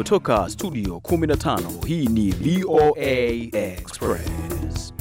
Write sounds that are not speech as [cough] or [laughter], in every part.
Kutoka studio 15 hii ni VOA Express.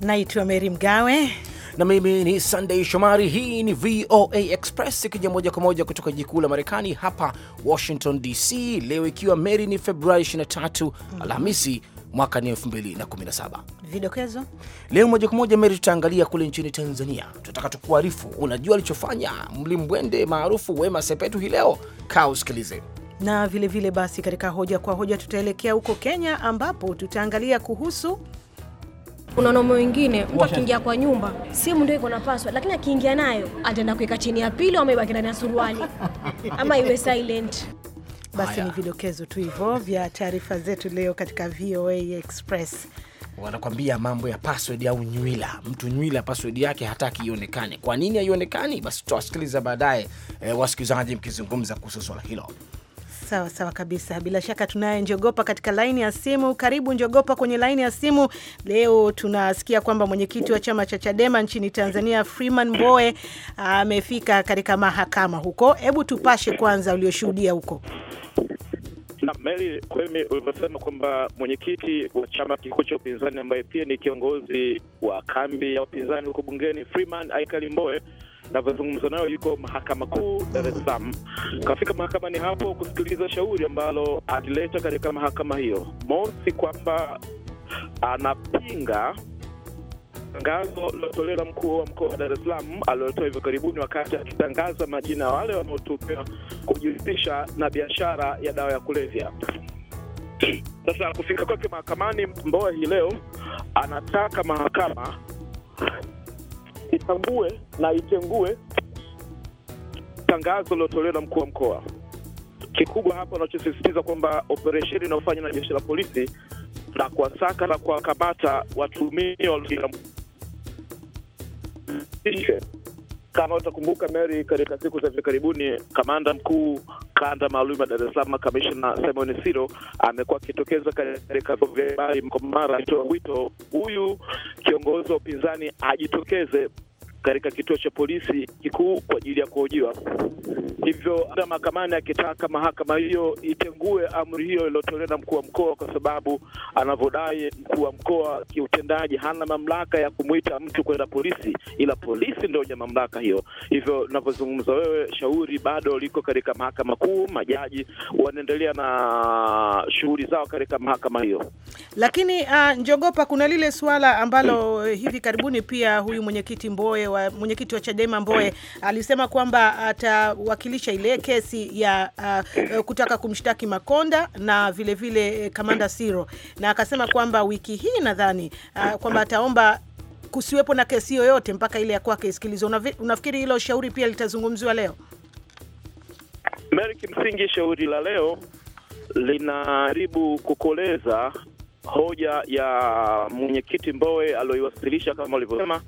Naitwa Meri Mgawe na mimi ni Sunday Shomari. Hii ni VOA Express ikija moja kwa moja kutoka jiji kuu la Marekani hapa Washington DC, leo ikiwa Meri ni Februari 23 mm -hmm. Alhamisi mwaka ni 2017. Vidokezo leo moja kwa moja Meri, tutaangalia kule nchini Tanzania. Tunataka tukuarifu, unajua alichofanya mlimbwende maarufu Wema Sepetu hii leo? Kaa usikilize na vilevile vile basi, katika hoja kwa hoja tutaelekea huko Kenya ambapo tutaangalia kuhusu kuna nomo wengine, mtu akiingia kwa nyumba simu ndio iko na password, lakini akiingia nayo ataenda kuweka chini ya pili, amebaki ndani ya suruali [laughs] ama iwe silent. Basi Ni vidokezo tu hivyo vya taarifa zetu leo katika VOA Express. Wanakwambia mambo ya password au nywila. Mtu nywila password yake hataki ionekane. Kwa nini haionekani? Basi tutawasikiliza baadaye, e, wasikilizaji mkizungumza kuhusu swala hilo. Sawa sawa kabisa, bila shaka tunaye Njogopa katika laini ya simu. Karibu Njogopa kwenye laini ya simu. Leo tunasikia kwamba mwenyekiti wa chama cha Chadema nchini Tanzania Freeman Mbowe amefika katika mahakama huko. Hebu tupashe kwanza ulioshuhudia huko. Na Mary, kweli umesema kwamba mwenyekiti wa chama kikuu cha upinzani ambaye pia ni kiongozi wa kambi ya upinzani huko bungeni Freeman Aikali Mbowe navyozungumza nayo yuko mahakama kuu Dar es Salaam. Kafika mahakamani hapo kusikiliza shauri ambalo alileta katika mahakama hiyo. Mosi, kwamba anapinga tangazo lilotolewa mkuu wa mkoa wa Dar es Salaam alilotoa hivi karibuni, wakati akitangaza majina ya wale wanaotumiwa kujihusisha na biashara ya dawa ya kulevya. Sasa kufika kwake mahakamani mboa hii leo anataka mahakama itambue na itengue tangazo lilotolewa na mkuu wa mkoa. Kikubwa hapa anachosisitiza kwamba operesheni inayofanywa na jeshi la polisi na kuwasaka na kuwakamata watumia kama utakumbuka Mary, katika siku za hivi karibuni, kamanda mkuu kanda maalum ya Dar es Salaam, kamishna Simon Siro amekuwa akitokeza katika vyombo vya habari mara akitoa wito huyu kiongozi wa upinzani ajitokeze katika kituo cha polisi kikuu kwa ajili ya kuhojiwa. Hivyo mahakamani akitaka mahakama hiyo itengue amri hiyo iliyotolewa na mkuu wa mkoa, kwa sababu anavyodai mkuu wa mkoa kiutendaji hana mamlaka ya kumwita mtu kwenda polisi, ila polisi ndio wenye mamlaka hiyo. Hivyo navyozungumza wewe, shauri bado liko katika mahakama kuu, majaji wanaendelea na shughuli zao katika mahakama hiyo. Lakini uh, njogopa kuna lile suala ambalo hivi karibuni pia huyu mwenyekiti Mboe wa mwenyekiti wa Chadema Mbowe alisema kwamba atawakilisha ile kesi ya uh, uh kutaka kumshtaki Makonda na vile vile eh, Kamanda Siro, na akasema kwamba wiki hii nadhani uh, kwamba ataomba kusiwepo na kesi yoyote mpaka ile ya kwake isikilizwe. unafikiri hilo shauri pia litazungumziwa leo? Mary, kimsingi shauri la leo linajaribu kukoleza hoja ya mwenyekiti Mbowe aliyoiwasilisha kama ulivyosema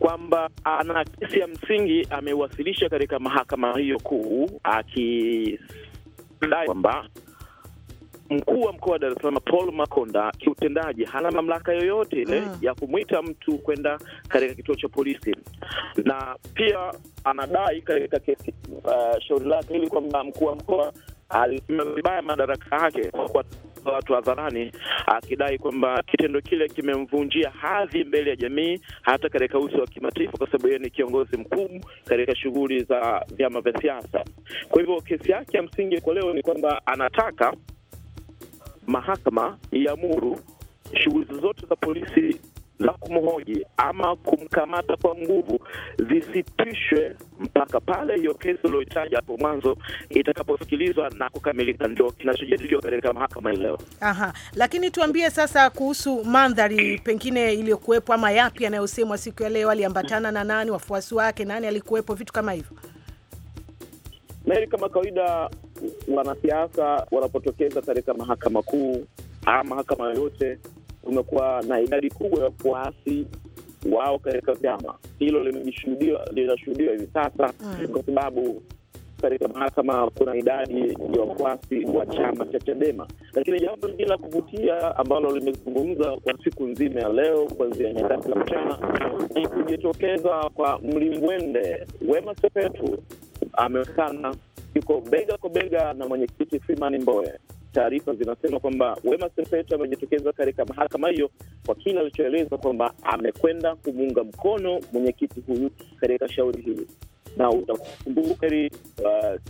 kwamba ana kesi ya msingi amewasilisha katika mahakama hiyo kuu akidai kwamba mkuu wa mkoa wa Dar es Salaam Paul Makonda kiutendaji hana mamlaka yoyote ile mm, ya kumwita mtu kwenda katika kituo cha polisi, na pia anadai katika kesi uh, shauri lake hili kwamba mkuu wa mkoa alisimama vibaya madaraka yake kwa kwa watu hadharani, akidai kwamba kitendo kile kimemvunjia hadhi mbele ya jamii, hata katika uso wa kimataifa, kwa sababu yeye ni kiongozi mkuu katika shughuli za vyama vya siasa. Kwa hivyo kesi yake ya msingi kwa leo ni kwamba anataka mahakama iamuru shughuli zote za polisi la kumhoji ama kumkamata kwa nguvu zisitishwe mpaka pale hiyo kesi uliohitaji hapo mwanzo itakaposikilizwa na kukamilika. Ndio kinachojadiliwa katika mahakama leo. Aha, lakini tuambie sasa kuhusu mandhari pengine iliyokuwepo ama yapi yanayosemwa siku ya leo. Aliambatana na nani? Wafuasi wake nani? Alikuwepo? vitu kama hivyo. Meri, kama kawaida, wanasiasa wanapotokeza katika mahakama kuu ama mahakama yoyote kumekuwa na idadi kubwa ya wafuasi wao katika vyama. Hilo linashuhudiwa hivi sasa mm. kwa sababu katika mahakama kuna idadi ya wafuasi wa chama cha Chadema. Lakini jambo lingine la kuvutia ambalo limezungumza kwa siku nzima ya leo kuanzia nyakati za mchana ni kujitokeza kwa mlimbwende Wema Sepetu ameonekana yuko bega kwa bega na mwenyekiti Freeman Mbowe taarifa zinasema kwamba Wema Sepetu amejitokeza katika mahakama hiyo kwa kile alichoeleza kwamba amekwenda kumuunga mkono mwenyekiti huyu katika shauri hili na utakumbuka uh,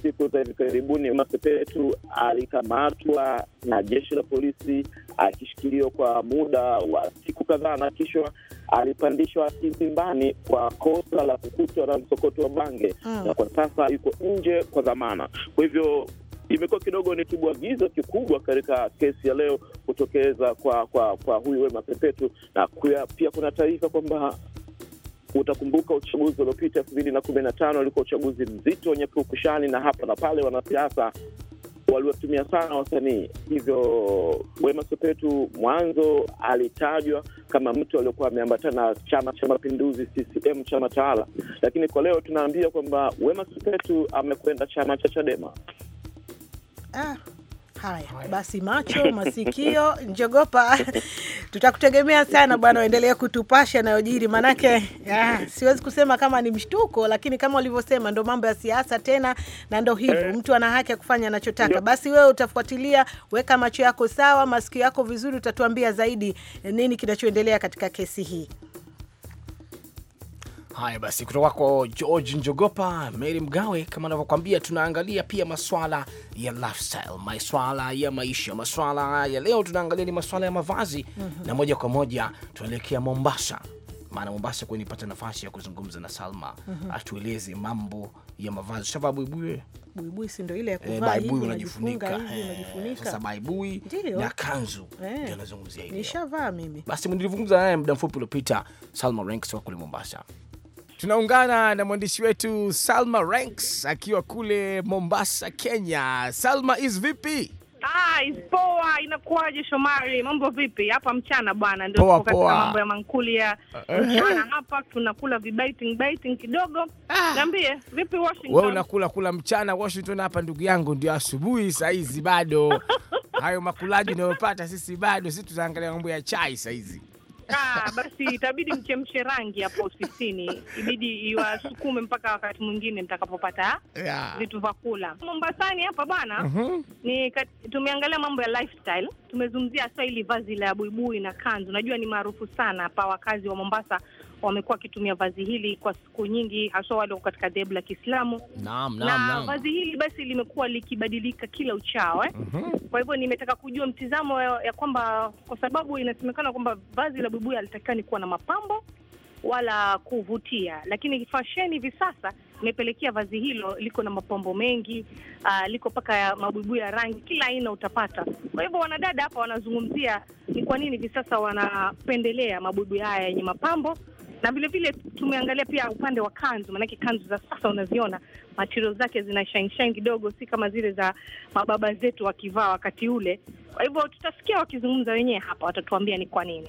siku za hivi karibuni Masepetu alikamatwa na jeshi la polisi akishikiliwa kwa muda wa siku kadhaa, na kisha alipandishwa kizimbani kwa kosa la kukutwa na msokoto wa bange ah. na kwa sasa yuko nje kwa dhamana. Kwa hivyo imekuwa kidogo ni kibwagizo kikubwa katika kesi ya leo kutokeza kwa kwa, kwa huyu Wema Sepetu na kuya, pia kuna taarifa kwamba utakumbuka uchaguzi uliopita elfu mbili na kumi na tano ulikuwa uchaguzi mzito wenye purukushani na hapa na pale wanasiasa waliwatumia sana wasanii. Hivyo Wema Sepetu mwanzo alitajwa kama mtu aliokuwa ameambatana na Chama cha Mapinduzi, CCM, chama tawala, lakini kwa leo tunaambia kwamba Wema Sepetu amekwenda chama cha Chadema. Ah, haya basi, macho masikio, [laughs] njogopa [laughs] tutakutegemea sana bwana, uendelee kutupasha yanayojiri, manake ah, siwezi kusema kama ni mshtuko, lakini kama ulivyosema ndo mambo ya siasa tena, na ndo hivyo eh, mtu ana haki ya kufanya anachotaka. Basi wewe utafuatilia, weka macho yako sawa, masikio yako vizuri, utatuambia zaidi eh, nini kinachoendelea katika kesi hii. Haya basi, kutoka kwako George Njogopa, Mary Mgawe, kama anavyokwambia, tunaangalia pia maswala ya lifestyle, maswala ya maisha. Maswala ya leo tunaangalia ni maswala ya mavazi mm -hmm. na moja kwa moja tunaelekea Mombasa, maana Mombasa kuwa nipata nafasi ya kuzungumza na Salma mm -hmm. atueleze mambo ya mavazi. Shava buibui buibui, si ile ya eh, kuvaa hivi eh, unajifunika. Sasa buibui na kanzu eh. ndio anazungumzia hivi. Nishavaa mimi. Basi naye muda mfupi uliopita Salma Ranks wa kule Mombasa. Tunaungana na mwandishi wetu Salma Ranks akiwa kule Mombasa, Kenya. Salma is vipi? Ah, poa. Inakuwaje Shomari, mambo vipi? Hapa mchana bwana, ndio poa, katika mambo ya mankulia eh. mchana hapa tunakula vibiting biting kidogo. Ah, niambie vipi Washington? Wewe unakula kula mchana Washington, hapa ndugu yangu ndio asubuhi saa hizi bado [laughs] hayo makulaji unayopata sisi bado, sisi tutaangalia mambo ya chai saa hizi. Ah, basi itabidi mchemshe rangi hapo ofisini, ibidi iwasukume mpaka wakati mwingine mtakapopata yeah, vitu vya kula. Mombasani hapa bwana, uh mhm. -huh. ni tumeangalia mambo ya lifestyle, tumezungumzia hasa hili vazi la buibui na kanzu, najua ni maarufu sana pa wakazi wa Mombasa wamekuwa wakitumia vazi hili kwa siku nyingi, haswa wale wako katika dhehebu la Kiislamu. Naam, naam, na vazi hili basi limekuwa likibadilika kila uchao eh? mm -hmm. Kwa hivyo nimetaka kujua mtizamo ya, ya kwamba kwa sababu inasemekana kwamba vazi la buibui halitakikani kuwa na mapambo wala kuvutia, lakini fasheni hivi sasa imepelekea vazi hilo liko na mapambo mengi uh, liko mpaka mabuibui ya rangi kila aina utapata. Kwa hivyo wanadada hapa wanazungumzia ni kwa nini hivi sasa wanapendelea mabuibui haya yenye mapambo na vilevile tumeangalia pia upande wa kanzu, maanake kanzu za sasa unaziona matirio zake zina shainshain kidogo, si kama zile za mababa zetu wakivaa wakati ule. Kwa hivyo tutasikia wakizungumza wenyewe hapa, watatuambia ni kwa nini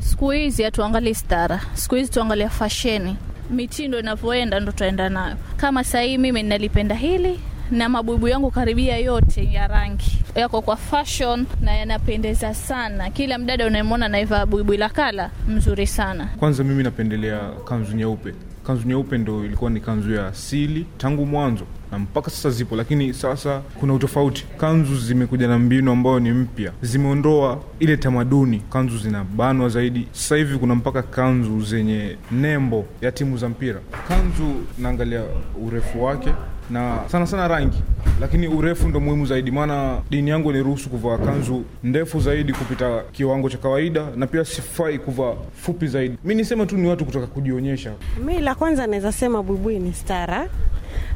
siku hizi hatuangali stara, siku hizi tuangalia fasheni, mitindo inavyoenda ndo tutaenda nayo. Kama sahii mimi ninalipenda hili na mabubu yangu karibia yote ya rangi yako kwa fashion na yanapendeza sana. Kila mdada unayemwona naivaa buibui la kala mzuri sana. Kwanza mimi napendelea kanzu nyeupe. Kanzu nyeupe ndo ilikuwa ni kanzu ya asili tangu mwanzo na mpaka sasa zipo, lakini sasa kuna utofauti. Kanzu zimekuja na mbinu ambayo ni mpya, zimeondoa ile tamaduni, kanzu zinabanwa zaidi. Sasa hivi kuna mpaka kanzu zenye nembo ya timu za mpira. Kanzu naangalia urefu wake na sana sana rangi, lakini urefu ndo muhimu zaidi, maana dini yangu niruhusu kuvaa kanzu ndefu zaidi kupita kiwango cha kawaida, na pia sifai kuvaa fupi zaidi. Mi nisema tu ni watu kutoka kujionyesha. Mi la kwanza naweza sema buibui ni stara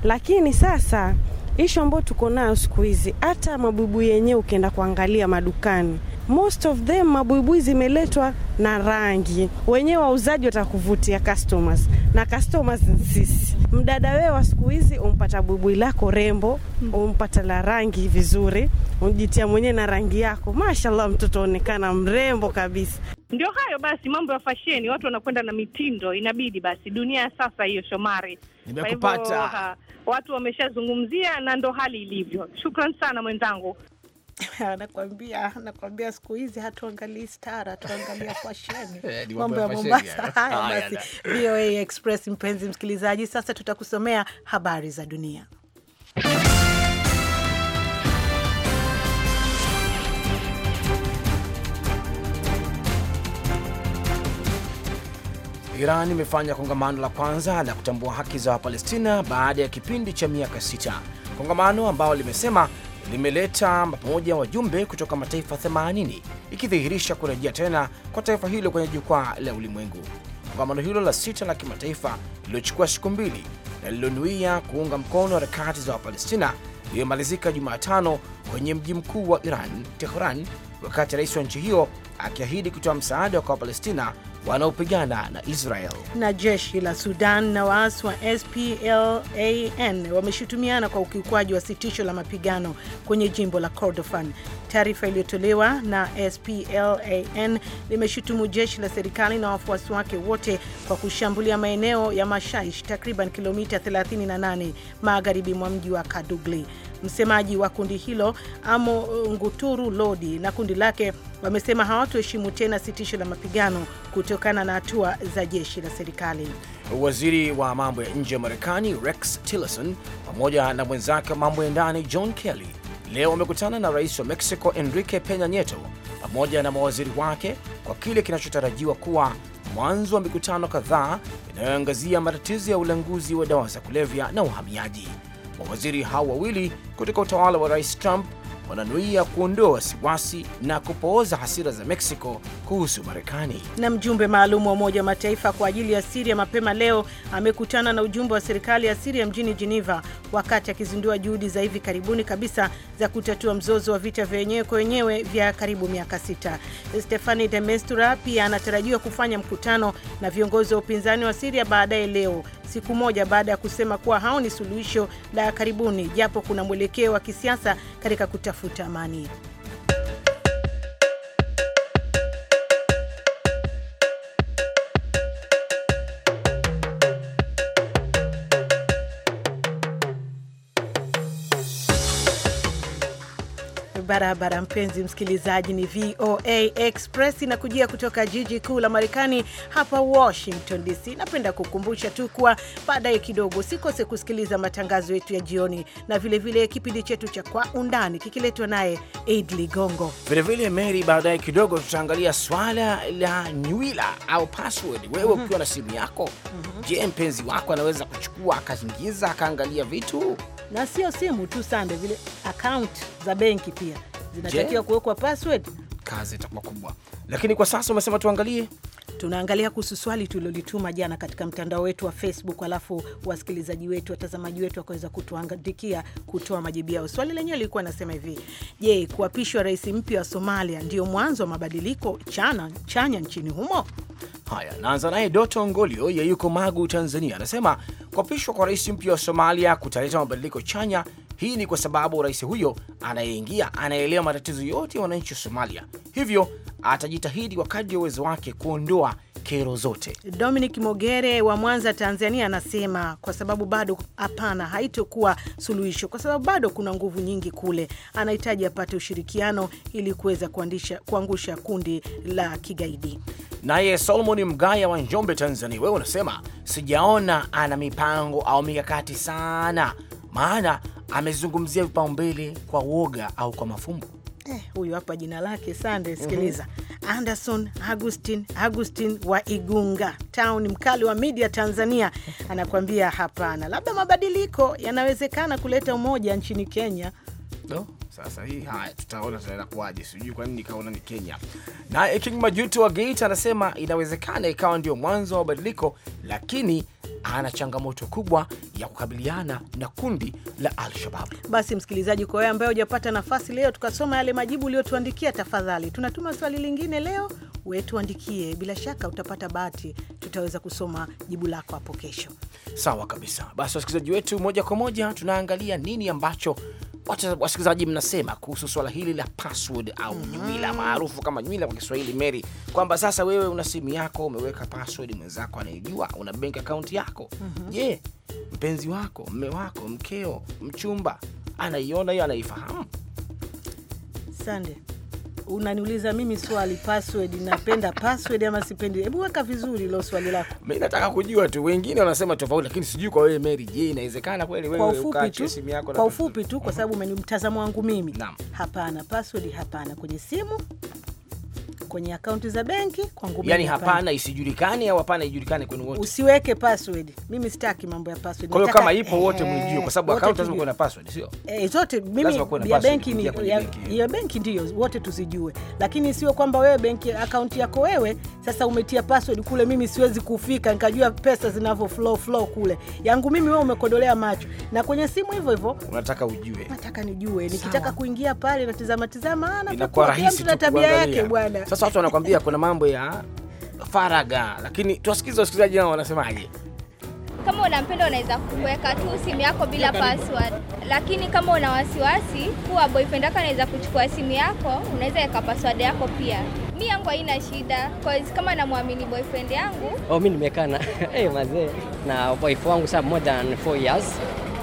lakini sasa ishu ambayo tuko nayo siku hizi, hata mabuibui yenyewe ukienda kuangalia madukani most of them mabuibui zimeletwa na rangi, wenyewe wauzaji watakuvutia customers na customers sisi. Mdada wewe wa siku hizi umpata buibui lako rembo, hmm. umpata la rangi vizuri, ujitia mwenyewe na rangi yako, mashallah, mtoto onekana mrembo kabisa. Ndio hayo basi, mambo ya fasheni, watu wanakwenda na mitindo, inabidi basi. Dunia ya sasa hiyo, Shomari, nimekupata. Watu wameshazungumzia na ndo hali ilivyo. Shukran sana mwenzangu. [laughs] Nakwambia, nakwambia siku hizi hatuangalii stara, tuangalia fasheni, [laughs] eh, mambo ya Mombasa. [laughs] Haya basi, VOA Express. Mpenzi msikilizaji, sasa tutakusomea habari za dunia. Iran imefanya kongamano la kwanza la kutambua haki za Wapalestina baada ya kipindi cha miaka sita, kongamano ambalo limesema limeleta pamoja wajumbe kutoka mataifa 80 ikidhihirisha kurejea tena kwa taifa hilo kwenye jukwaa la ulimwengu. Kongamano hilo la sita la kimataifa lililochukua siku mbili na lilonuia kuunga mkono harakati za Wapalestina iliyomalizika Jumatano kwenye mji mkuu wa Iran, Tehran, wakati rais wa nchi hiyo akiahidi kutoa msaada kwa Wapalestina wanaopigana na Israel. Na jeshi la Sudan na waasi wa SPLAN wameshutumiana kwa ukiukwaji wa sitisho la mapigano kwenye jimbo la Kordofan. Taarifa iliyotolewa na SPLAN limeshutumu jeshi la serikali na wafuasi wake wote kwa kushambulia maeneo ya Mashaish, takriban kilomita 38 magharibi mwa mji wa Kadugli. Msemaji wa kundi hilo Amo Nguturu Lodi na kundi lake wamesema hawatoheshimu tena sitisho la mapigano kutokana na hatua za jeshi la serikali. Waziri wa mambo ya nje wa Marekani Rex Tillerson pamoja na mwenzake wa mambo ya ndani John Kelly leo wamekutana na rais wa Mexico Enrique Peña Nieto pamoja na mawaziri wake kwa kile kinachotarajiwa kuwa mwanzo wa mikutano kadhaa inayoangazia matatizo ya ulanguzi wa dawa za kulevya na uhamiaji. Mawaziri hao wawili kutoka utawala wa Rais Trump wananuia kuondoa wasiwasi na kupooza hasira za Mexico kuhusu Marekani. Na mjumbe maalum wa Umoja wa Mataifa kwa ajili ya Siria mapema leo amekutana na ujumbe wa serikali ya Siria mjini Geneva, wakati akizindua juhudi za hivi karibuni kabisa za kutatua mzozo wa vita vya wenyewe kwa wenyewe vya karibu miaka sita. Stefani de mestura pia anatarajiwa kufanya mkutano na viongozi wa upinzani wa Siria baadaye leo siku moja baada ya kusema kuwa haoni suluhisho la karibuni, japo kuna mwelekeo wa kisiasa katika kutafuta amani. barabara. Mpenzi msikilizaji, ni VOA Express inakujia kutoka jiji kuu la Marekani hapa Washington DC. Napenda kukumbusha tu kuwa baadaye kidogo sikose kusikiliza matangazo yetu ya jioni na vilevile kipindi chetu cha Kwa Undani kikiletwa naye Ed Ligongo. Vilevile Mary, baadaye kidogo tutaangalia swala la nywila au password. Wewe mhm. ukiwa mm -hmm. na simu yako mm -hmm. Je, mpenzi wako anaweza kuchukua akaingiza akaangalia vitu na sio simu tu, Sande, vile akaunti za benki pia zinatakiwa kuwekwa password, kazi itakuwa kubwa. Lakini kwa sasa umesema tuangalie tunaangalia kuhusu swali tulilolituma jana katika mtandao wetu wa Facebook, alafu wasikilizaji wetu, watazamaji wetu wakaweza kutuandikia kutoa majibu yao. Swali lenyewe lilikuwa nasema hivi: Je, kuapishwa rais mpya wa Somalia ndio mwanzo wa mabadiliko chana chanya nchini humo? Haya, naanza naye Doto Ngolio ye yuko Magu, Tanzania, anasema kuapishwa kwa rais mpya wa Somalia kutaleta mabadiliko chanya hii ni kwa sababu rais huyo anayeingia anaelewa matatizo yote ya wananchi wa Somalia, hivyo atajitahidi kwa kadri ya uwezo wake kuondoa kero zote. Dominic Mogere wa Mwanza, Tanzania, anasema kwa sababu bado, hapana, haitokuwa suluhisho kwa sababu bado kuna nguvu nyingi kule. Anahitaji apate ushirikiano ili kuweza kuangusha kundi la kigaidi. Naye solomoni Mgaya wa Njombe, Tanzania, wewe unasema sijaona ana mipango au mikakati sana maana amezungumzia vipaumbele kwa woga au kwa mafumbo. Eh, huyu hapa jina lake sande, mhm. sikiliza. mm -hmm. Anderson Agustin Agustin wa Igunga Town, mkali wa media Tanzania, [laughs] anakuambia hapana, labda mabadiliko yanawezekana kuleta umoja nchini Kenya. no. Sasa hii haya, tutaona kuwaje, Sijui kwa nini nikaona ni Kenya. Naye King Majuto wa Geita anasema inawezekana ikawa ndio mwanzo wa mabadiliko, lakini ana changamoto kubwa ya kukabiliana na kundi la Al-Shabab. Basi msikilizaji, kwa wewe ambaye hujapata nafasi leo tukasoma yale majibu uliyotuandikia, tafadhali tunatuma swali lingine leo, wetuandikie Bila shaka utapata bahati, tutaweza kusoma jibu lako hapo kesho. Sawa kabisa. Basi wasikilizaji wetu, moja kwa moja tunaangalia nini ambacho wacha wasikilizaji mnasema kuhusu swala hili la password au mm -hmm. nywila maarufu kama nywila kwa Kiswahili Mary, kwamba sasa wewe una simu yako umeweka password, mwenzako anaijua, una bank account yako mhm. je? mm -hmm. yeah. mpenzi wako, mme wako, mkeo, mchumba anaiona hiyo, anaifahamu Sande unaniuliza mimi swali password, napenda password ama sipendi? Hebu weka vizuri lo swali lako. Mimi nataka kujua tu, wengine wanasema tofauti, lakini sijui kwa wewe Mary, je, inawezekana kweli wewe ukaache simu yako? Kwa ufupi tu, kwa sababu mtazamo mhm. wangu mimi, hapana password, hapana kwenye simu kwenye akaunti za benki kwangu. Yani hapana, isijulikane au hapana ijulikane kwenu wote, usiweke password. Mimi sitaki mambo ya password. Kwa hiyo kama ipo wote eh, mjue, kwa sababu akaunti lazima kuwe na password, sio eh? Zote mimi ya benki ni ya benki, ndio wote tuzijue, lakini sio kwamba wewe benki akaunti yako wewe sasa umetia password kule, mimi siwezi kufika nikajua pesa zinavyo flow flow kule yangu mimi, wewe umekodolea macho. Na kwenye simu hivyo hivyo, unataka ujue, nataka nijue, nikitaka kuingia pale natizama tizama, ana ah, tabia yake bwana sasa sasa wanakwambia kuna mambo ya faraga, lakini tuwasikize wasikilizaji nao wanasemaje. Kama unampenda unaweza kuweka tu simu yako bila password, lakini kama una wasiwasi kuwa boyfriend yako anaweza kuchukua simu yako, unaweza weka password yako pia. Mi yangu haina shida cause kama namwamini boyfriend yangu. Oh, mi nimekana [laughs] hey, mazee na boyfriend wangu saa moja than 4 years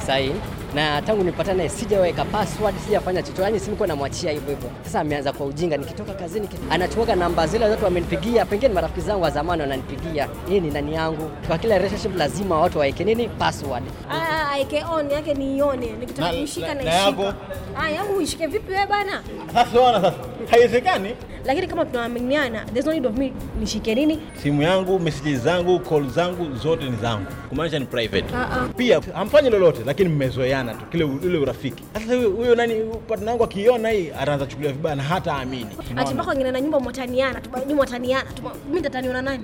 sahii na tangu nipatane sijaweka password, sijafanya chochote, yani simkuwa namwachia hivyo hivyo. Sasa ameanza kwa ujinga, nikitoka kazini anachukua namba zile watu wamenipigia, pengine marafiki zangu wa zamani wananipigia, hii ni nani yangu. Kwa kila relationship lazima watu waeke nini password, Ah, aeke on yake niione, nikitoka kushika na ishika. Ah, yangu ishike vipi wewe bana? Sasa unaona sasa, haiwezekani lakini kama tunaaminiana, there's no need of me nishike nini, simu yangu, message zangu, call zangu zote ni zangu, kumaanisha ni private. Ah, ah. Pia hamfanyi lolote, lakini mmezoeana kuelewana tu kile ule urafiki. Sasa huyo nani partner wangu akiona hii ataanza chukulia vibaya na hata aamini. Ati mpaka wengine na nyumba mwataniana mtaniana, nyumba tu Mimi tataniona nani?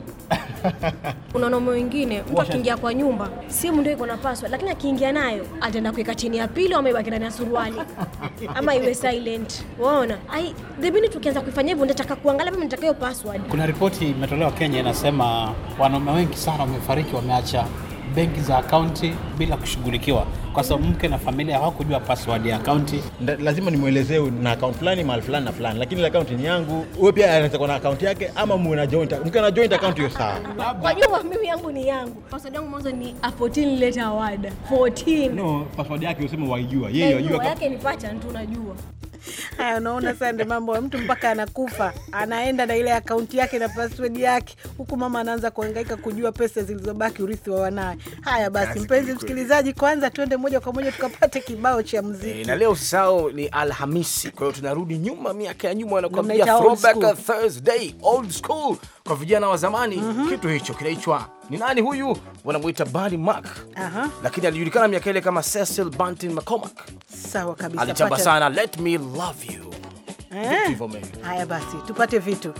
[laughs] Kuna wanaume wengine mtu akiingia kwa nyumba simu ndio iko na password, lakini akiingia nayo ataenda kuweka chini ya pili ama ibaki ndani ya suruali [laughs] ama iwe silent. Waona ai the minute tukianza kuifanya hivyo nitataka kuangalia mimi nitakayo password. Kuna ripoti imetolewa Kenya inasema wanaume wengi sana wamefariki wameacha benki za akaunti bila kushughulikiwa, kwa sababu mke na familia hawakujua password ya akaunti. Lazima nimwelezee na akaunti fulani mahali fulani na fulani, lakini akaunti ni yangu. Wewe pia anaweza kuwa na akaunti yake, ama mwe na joint. Mke ana joint account hiyo, sawa. Kwa jua mimi yangu ni yangu, password yangu mwanzo ni a 14 letter word 14. No, password yake useme waijua yeye, yajua eh, yake ni pacha tu, unajua Haya, unaona sasa, ndio mambo ya mtu mpaka anakufa anaenda na ile akaunti yake na password yake, huku mama anaanza kuhangaika kujua pesa zilizobaki, urithi wa wanawe. Haya basi, mpenzi msikilizaji, kwanza tuende moja kwa moja tukapate kibao cha muziki e, eh, na leo sao ni Alhamisi, kwa hiyo tunarudi nyuma, miaka ya nyuma, anakuambia throwback Thursday old school kwa vijana wa zamani mm -hmm. Kitu hicho kinaitwa ni nani huyu? Wanamwita Bernie mak uh -huh. Lakini alijulikana miaka ile kama Cecil Bantin McCormack. Sawa kabisa, alichamba sana Let Me Love You. Eh, haya basi tupate vitu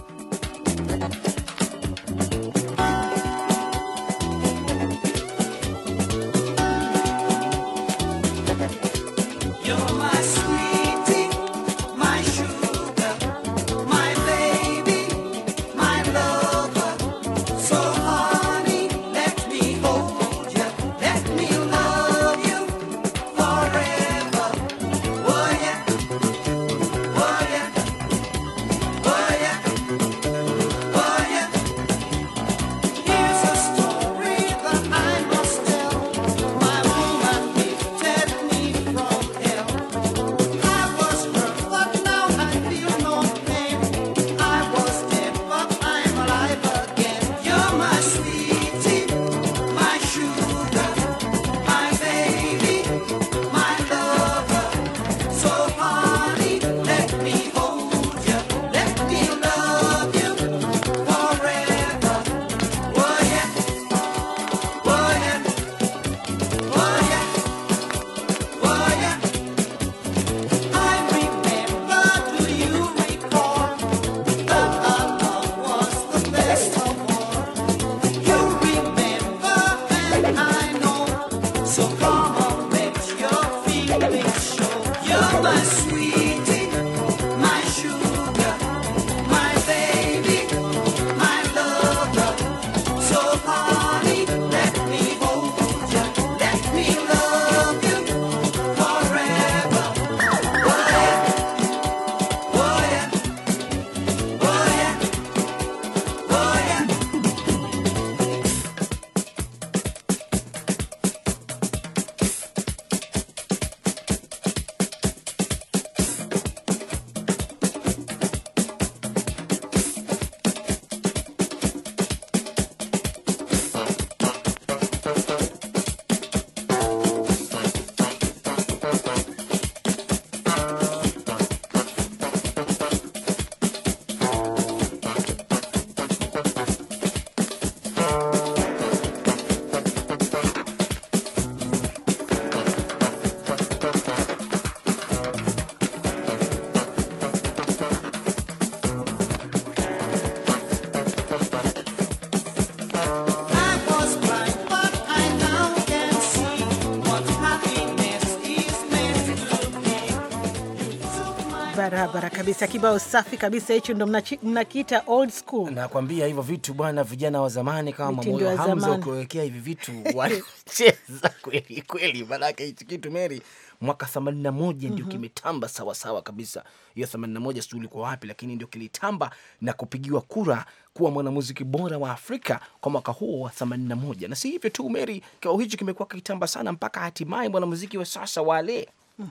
barabara kabisa, kibao safi kabisa hicho, ndo mnakiita old school. Nakwambia hivyo vitu bwana, vijana wa zamani kama Mamoyo Hamza, ukiwekea hivi vitu [laughs] wanacheza kweli kweli, manake hichi kitu Meri mwaka 81 mm -hmm. Ndio mhm. kimetamba sawasawa sawa kabisa. Hiyo 81 sijui ulikuwa wapi, lakini ndio kilitamba na kupigiwa kura kuwa mwanamuziki bora wa Afrika kwa mwaka huo wa 81. Na si hivyo tu Meri, kibao hichi kimekuwa kitamba sana mpaka hatimaye mwanamuziki wa sasa wale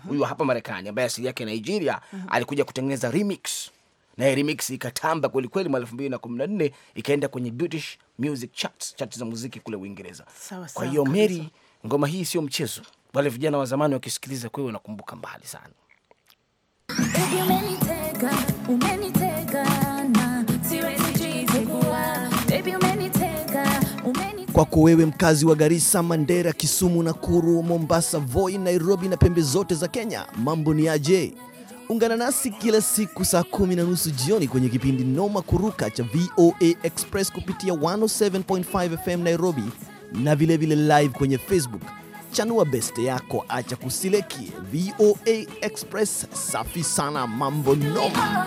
huyu hapa Marekani ambaye asili yake Nigeria mhm. alikuja kutengeneza remix na remix ikatamba kwelikweli mwaka elfu mbili na kumi na nne ikaenda kwenye British music charts, charts za muziki kule Uingereza. Kwa hiyo Mary, ngoma hii sio mchezo. Wale vijana wa zamani wakisikiliza, kwewe wanakumbuka mbali sana. Kwako wewe mkazi wa Garissa, Mandera, Kisumu, Nakuru, Mombasa, Voi, Nairobi na pembe zote za Kenya, mambo ni aje? Ungana nasi kila siku saa kumi na nusu jioni kwenye kipindi Noma Kuruka cha VOA Express kupitia 107.5 FM Nairobi na vilevile vile live kwenye Facebook. Chanua beste yako, acha kusileki. VOA Express safi sana, mambo noma.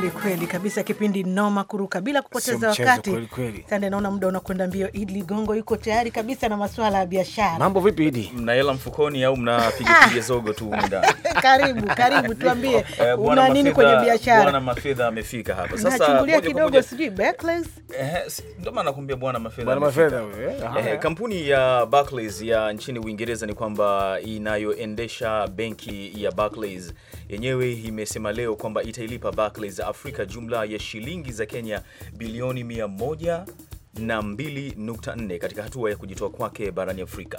Kweli kweli kabisa, kipindi noma kuruka bila kupoteza wakati. Sande, naona muda unakwenda mbio. Idi Ligongo yuko tayari kabisa na masuala ya biashara. Mambo vipi Idi, mna hela mfukoni au mnapiga [laughs] piga zogo tu ndani? [laughs] Karibu karibu, tuambie eh, una nini kwenye biashara? Bwana Mafedha amefika hapa sasa, nachungulia kidogo, sijui Barclays, eh, eh, ndio maana nakuambia bwana Mafedha, bwana Mafedha wewe. kampuni ya Barclays ya nchini Uingereza ni kwamba inayoendesha benki ya Barclays yenyewe imesema leo kwamba itailipa Barclays Afrika jumla ya shilingi za Kenya bilioni 102.4 katika hatua ya kujitoa kwake barani Afrika.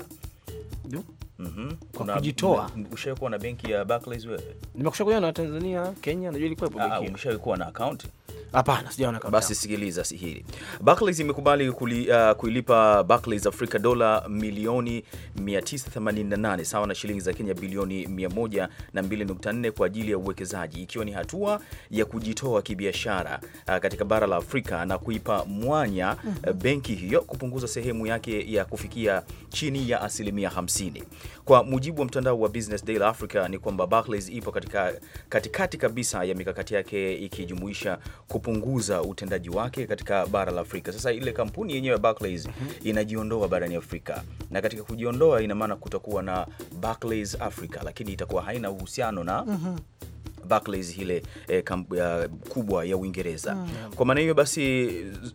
Mm -hmm. kujitoa. Ushawahi kuwa na benki ya Barclays wewe? Nimekuwa na Tanzania, Kenya, najua ilikuwa ipo ah, ah, benki. Umeshawahi kuwa na account? Hapana, sijaona kabisa. Basi sikiliza hili. Barclays imekubali kuli, uh, kuilipa Barclays Africa dola milioni 988 sawa na shilingi za Kenya bilioni 102.4 kwa ajili ya uwekezaji ikiwa ni hatua ya kujitoa kibiashara uh, katika bara la Afrika na kuipa mwanya uh, mhm. benki hiyo kupunguza sehemu yake ya kufikia chini ya asilimia 50. Kwa mujibu wa mtandao wa Business Daily Africa ni kwamba Barclays ipo katika katikati kabisa ya mikakati yake ikijumuisha kupunguza utendaji wake katika bara la Afrika. Sasa ile kampuni yenyewe Barclays mm -hmm. inajiondoa barani Afrika, na katika kujiondoa, ina maana kutakuwa na Barclays Africa, lakini itakuwa haina uhusiano na mm -hmm. Barclays ile e, kamp, ya, kubwa ya Uingereza mm. Kwa maana hiyo basi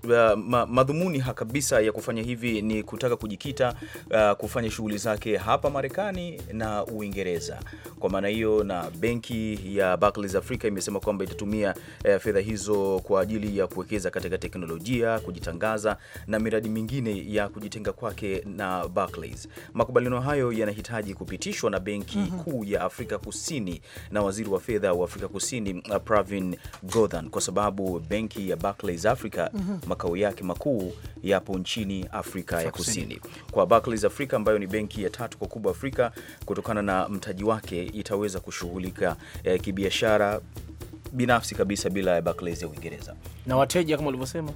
uh, ma, madhumuni kabisa ya kufanya hivi ni kutaka kujikita uh, kufanya shughuli zake hapa Marekani na Uingereza. Kwa maana hiyo, na benki ya Barclays Africa imesema kwamba itatumia uh, fedha hizo kwa ajili ya kuwekeza katika teknolojia, kujitangaza na miradi mingine ya kujitenga kwake na Barclays. Makubaliano hayo yanahitaji kupitishwa na benki mm -hmm. kuu ya Afrika Kusini na waziri wa fedha wa Afrika Kusini uh, Pravin Gordhan kwa sababu benki ya Barclays Africa mm -hmm. makao yake makuu yapo nchini Afrika ya Kusini. Kwa Barclays Africa ambayo ni benki ya tatu kwa kubwa Afrika kutokana na mtaji wake, itaweza kushughulika eh, kibiashara binafsi kabisa bila ya Barclays ya Uingereza na wateja kama ulivyosema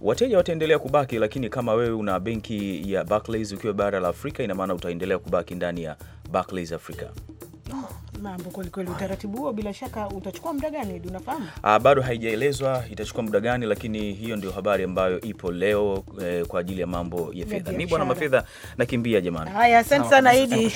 wateja wataendelea kubaki, lakini kama wewe una benki ya Barclays ukiwa bara la Afrika, ina maana utaendelea kubaki ndani ya Barclays Africa. Mambo kweli kweli. Utaratibu huo bila shaka utachukua muda gani, unafahamu? Ah, bado haijaelezwa itachukua muda gani, lakini hiyo ndio habari ambayo ipo leo eh, kwa ajili ya mambo ya fedha. Mimi bwana mafedha nakimbia jamani. Haya, asante ah, sana Idi.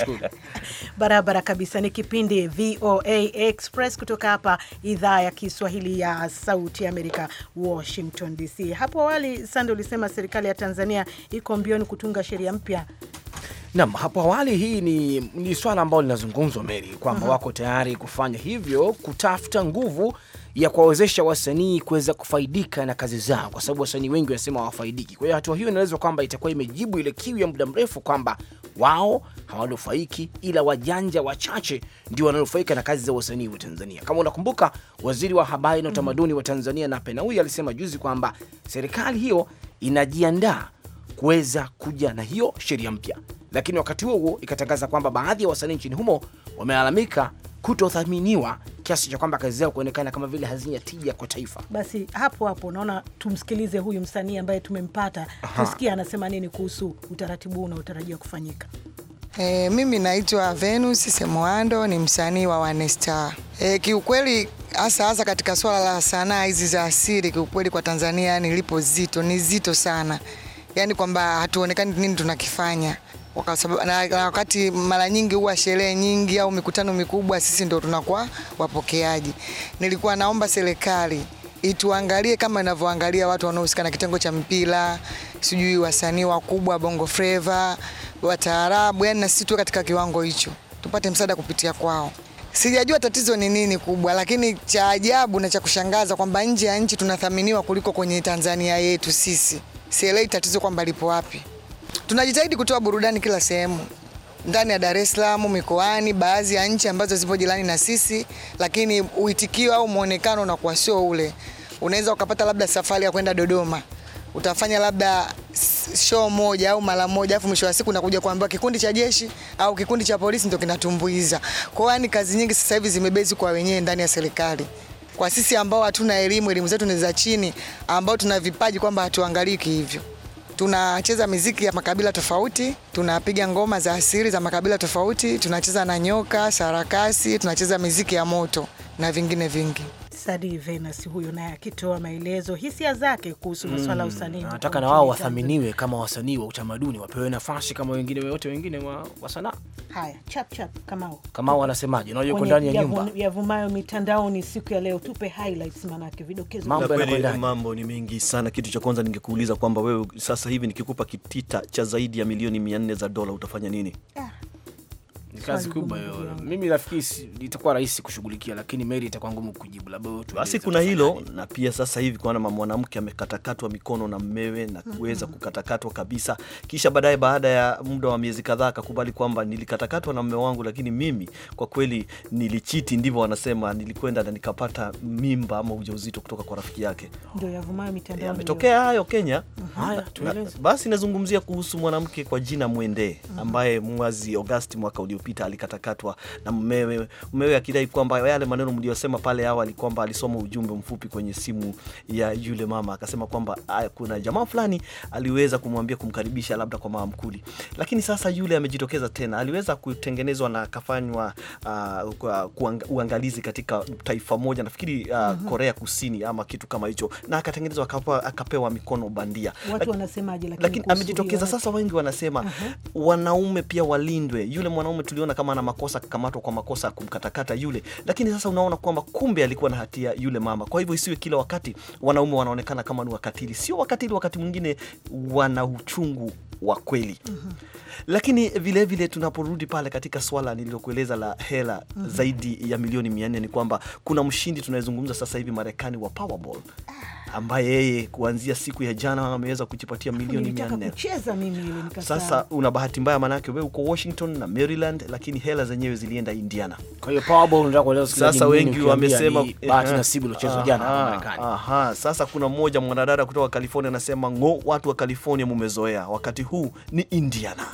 [laughs] Barabara kabisa, ni kipindi VOA Express kutoka hapa idhaa ya Kiswahili ya Sauti ya Amerika, Washington DC. Hapo awali, Sande, ulisema serikali ya Tanzania iko mbioni kutunga sheria mpya Naam, hapo awali hii ni, ni swala ambalo linazungumzwa Meri kwamba wako tayari kufanya hivyo kutafuta nguvu ya kuwawezesha wasanii kuweza kufaidika na kazi zao, kwa sababu wasanii wengi wanasema hawafaidiki. Kwa hiyo hatua hiyo inaelezwa kwamba itakuwa imejibu ile kiu ya muda mrefu kwamba wao hawanufaiki, ila wajanja wachache ndio wanaonufaika na kazi za wasanii wa Tanzania. Kama unakumbuka, waziri wa habari na mhm. utamaduni wa Tanzania Nape Nnauye alisema juzi kwamba serikali hiyo inajiandaa kuweza kuja na hiyo sheria mpya lakini wakati huo huo ikatangaza kwamba baadhi ya wasanii nchini humo wamelalamika kutothaminiwa kiasi cha kwamba kazi zao kuonekana kama vile hazina tija kwa taifa. Basi hapo hapo naona tumsikilize huyu msanii ambaye tumempata, tusikie anasema nini kuhusu utaratibu huu unaotarajiwa kufanyika. E, mimi naitwa Venus Semwando ni msanii wa Wanesta. E, eh, kiukweli hasa hasa katika swala la sanaa hizi za asili, kiukweli kwa Tanzania yani lipo zito, ni zito sana, yaani kwamba hatuonekani nini tunakifanya na, na wakati mara nyingi huwa sherehe nyingi au mikutano mikubwa sisi ndio tunakuwa wapokeaji. Nilikuwa naomba serikali ituangalie kama inavyoangalia watu wanaohusika na kitengo cha mpira, sijui wasanii wakubwa Bongo Flava, wataarabu, yani na sisi tu katika kiwango hicho tupate msaada kupitia kwao. Sijajua tatizo ni nini kubwa, lakini cha ajabu na cha kushangaza kwamba nje ya nchi tunathaminiwa kuliko kwenye Tanzania yetu sisi. Sielewi tatizo kwamba lipo wapi. Tunajitahidi kutoa burudani kila sehemu ndani ya Dar es Salaam, mikoani, baadhi ya nchi ambazo zipo jirani na sisi, lakini uitikio au muonekano unakuwa sio ule. Unaweza ukapata labda safari ya kwenda Dodoma, utafanya labda show moja au mara moja, afu mwisho wa siku unakuja kuambiwa kikundi cha jeshi au kikundi cha polisi ndio kinatumbuiza. Kwa hiyo, yani, kazi nyingi sasa hivi zimebezi kwa wenyewe ndani ya serikali. Kwa sisi ambao hatuna elimu, elimu zetu ni za chini, ambao tuna vipaji kwamba hatuangaliki hivyo tunacheza miziki ya makabila tofauti, tunapiga ngoma za asili za makabila tofauti, tunacheza na nyoka, sarakasi, tunacheza miziki ya moto na vingine vingi. Sadi Venus huyo naye akitoa maelezo hisia zake kuhusu masuala ya mm, usanii. Nataka na wao wathaminiwe kama wasanii wa utamaduni, wapewe nafasi kama wengine wote wengine wa, wa sanaa. Haya, chap chap, Kamau Kamau anasemaje? Unajua yuko ndani ya nyumba yavumayo mitandaoni siku ya leo, tupe highlights, maana yake vidokezo. Mambo, mambo ni mengi sana. Kitu cha kwanza ningekuuliza kwamba wewe sasa hivi nikikupa kitita cha zaidi ya milioni 400 za dola utafanya nini? Yeah kazi kubwa hiyo. Mimi nafikiri itakuwa rahisi kushughulikia, lakini Mary itakuwa ngumu kujibu. Labda basi kuna hilo nani. Na pia sasa hivi kuna mwanamke amekatakatwa mikono na mmewe na kuweza mm -hmm. kukatakatwa kabisa, kisha baadaye, baada ya muda wa miezi kadhaa, akakubali kwamba nilikatakatwa na mme wangu, lakini mimi kwa kweli nilichiti, ndivyo wanasema, nilikwenda na nikapata mimba ama ujauzito kutoka kwa rafiki yake. Ndio yavumayo mitandao. Eh, Yametokea hayo Kenya. Mhm. Haya, tueleze basi. Nazungumzia kuhusu mwanamke kwa jina Mwende mhm. ambaye mwezi Agosti mwaka uliopita iliyopita alikatakatwa na mmewe, mmewe akidai kwamba yale maneno mliyosema pale awali kwamba alisoma ujumbe mfupi kwenye simu ya yule mama, akasema kwamba ah, kuna jamaa fulani aliweza kumwambia kumkaribisha labda kwa maamkuli, lakini sasa yule amejitokeza tena, aliweza kutengenezwa na akafanywa uh, uangalizi katika taifa moja nafikiri uh, mm -hmm. Korea Kusini ama kitu kama hicho, na akatengenezwa akapewa, mikono bandia. Watu wanasemaje? Lakini amejitokeza sasa, wengi wanasema uh -huh. wanaume pia walindwe, yule mwanaume tulio aliona kama ana makosa, akakamatwa kwa makosa ya kumkatakata yule, lakini sasa unaona kwamba kumbe alikuwa na hatia yule mama. Kwa hivyo isiwe kila wakati wanaume wanaonekana kama ni wakatili. Sio wakatili, wakati mwingine wana uchungu wa kweli mm -hmm. Lakini vilevile tunaporudi pale katika swala nililokueleza la hela mm -hmm. zaidi ya milioni mia nne ni kwamba kuna mshindi tunayezungumza sasa hivi Marekani wa Powerball ah ambaye yeye kuanzia siku ya jana ameweza kujipatia milioni nne. Sasa una bahati mbaya, maanake wewe uko Washington na Maryland, lakini hela zenyewe zilienda Indiana. Kwa hiyo Powerball unataka kueleza sasa, wengi wamesema bahati eh, nasibu jana Marekani. sasa kuna mmoja mwanadada kutoka California anasema ngo, watu wa California mumezoea, wakati huu ni Indiana.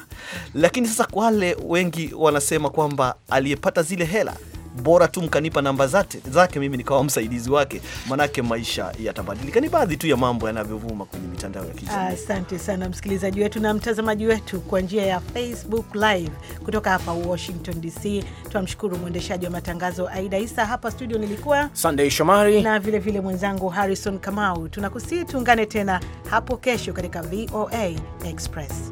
Lakini sasa wale wengi wanasema kwamba aliyepata zile hela bora tu mkanipa namba zate, zake mimi nikawa msaidizi wake, manake maisha yatabadilika. Ni baadhi tu ya mambo yanavyovuma kwenye mitandao ya kijamii. Asante sana msikilizaji wetu na mtazamaji wetu kwa njia ya Facebook Live kutoka hapa Washington DC. Tunamshukuru mwendeshaji wa matangazo Aida Isa. Hapa studio nilikuwa Sunday Shomari na vilevile vile mwenzangu Harrison Kamau. Tunakusii tuungane tena hapo kesho katika VOA Express.